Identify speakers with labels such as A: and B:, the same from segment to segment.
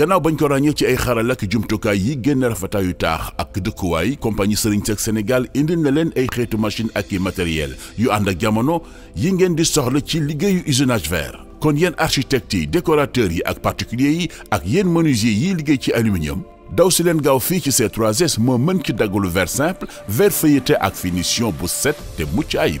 A: gannaaw bañ ko ràññee ci ay xarala ak jumtukaay yi génn yu taax ak dëkkuwaay compagnie Serigne Seck Sénégal indil na leen ay xeetu machine ak i matériel yu ànd ak jamono yi ngeen di soxla ci liggéeyu usinage vert. kon yenn architecte yi décorateur yi ak particulier yi ak yenn menuisier yiy liggéey ci aluminium daw si leen gaaw fii ci c 3 moo mën ci daggalu verre simple verre feuilleté ak finition bu set te mucc ayib.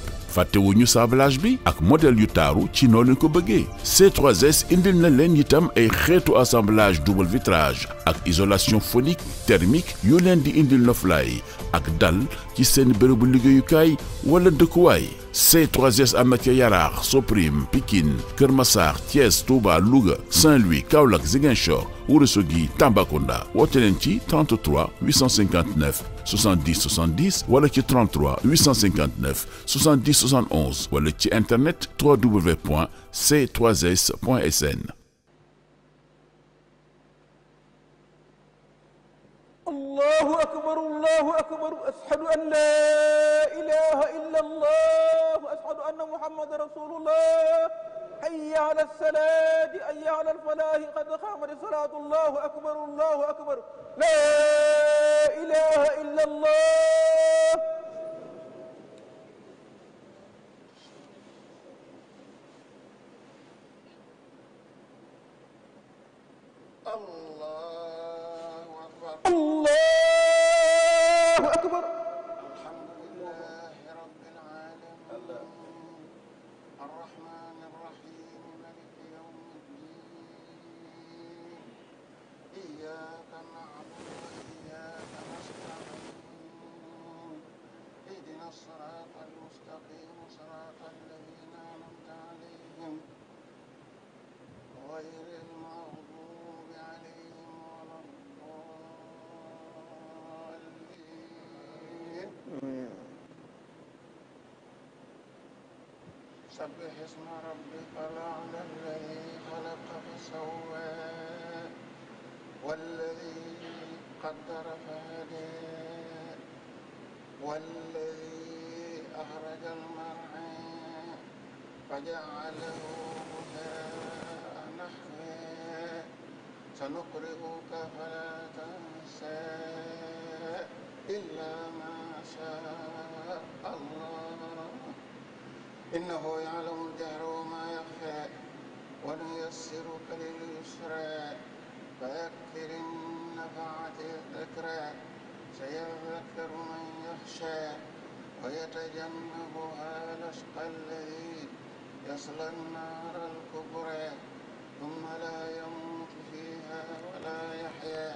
A: fàttewuñu sablage bi ak modèle yu taaru ci noolu leen ko bëggee c 3 indil na leen itam ay xeetu assemblage double vitrage ak isolation phonique thermique yu leen di indil noflaay ak dal ci seen bërëbu liggéeyukaay wala dëkkuwaay C3S am na ca Yaraax Soprim Pikine Kër Massar Thiès Touba Louga Saint-Louis Kaolack Ziguinchor Ourossogui Tambacounda woote leen ci 33 859 70 70 wala ci 33 859 70 71 wala ci internet www.c3s.sn
B: Allahu akbar Allahu akbar ashhadu an la ilaha illa Allah ashhadu anna Muhammadan rasulullah حي على الصلاة حي على الفلاح قد قامت الصلاة الله أكبر الله أكبر لا إله إلا الله الله أكبر الله سبح اسم ربك الأعلى الذي خلق فسوى والذي قدر فهدى والذي أخرج المرعى فجعله غثاء نحوى سنقرئك فلا تنسى إلا ما شاء إنه يعلم الجهر وما يخفى ونيسرك لليسرى فذكر إن نفعت الذكرى سيذكر من يخشى ويتجنبها الأشقى الذي يصلى النار الكبرى ثم لا يموت فيها ولا يحيا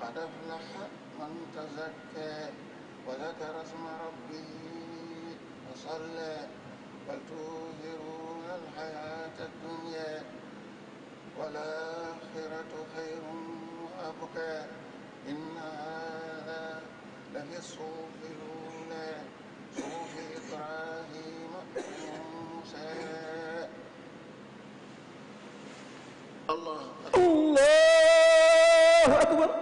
B: قد أفلح من تزكى وذكر اسم ربه المصلى بل تؤثرون الحياة الدنيا والآخرة خير وأبقى إن هذا لفي الصوف الأولى صوف إبراهيم وموسى الله أكبر الله أكبر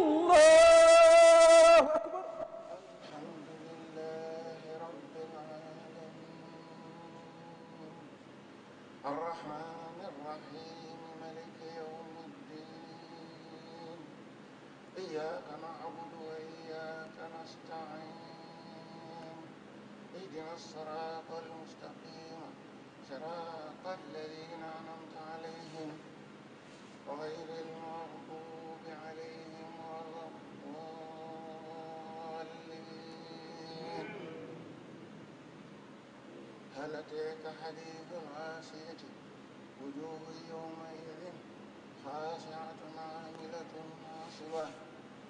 B: إياك نعبد وإياك نستعين اهدنا الصراط المستقيم صراط الذين أنعمت عليهم غير المغضوب عليهم ولا الضالين هل أتيك حديث العاسية وجوه يومئذ خاشعة عاملة ناصبة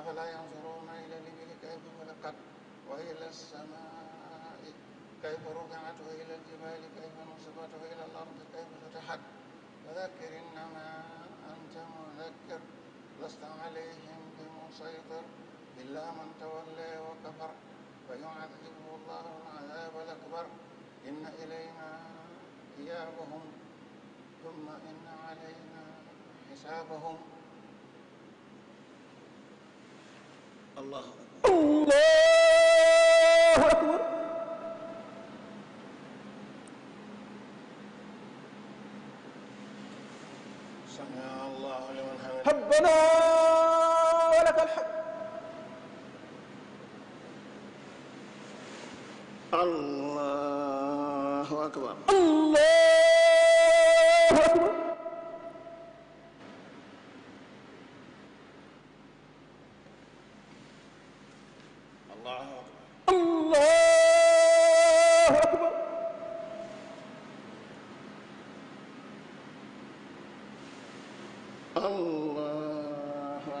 B: أفلا ينظرون إلى الإبل كيف خلقت وإلى السماء كيف رفعت وإلى الجبال كيف نصبت وإلى الأرض كيف فتحت فذكر إنما أنت مذكر لست عليهم بمسيطر إلا من تولى وكفر فيعذبه الله العذاب الأكبر إن إلينا إيابهم ثم إن علينا حسابهم allahu akbar rabbana wa laka alhamd allahu akbar allahu akbar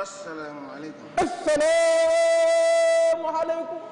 B: asalaamaaleykum asalaamaaleykum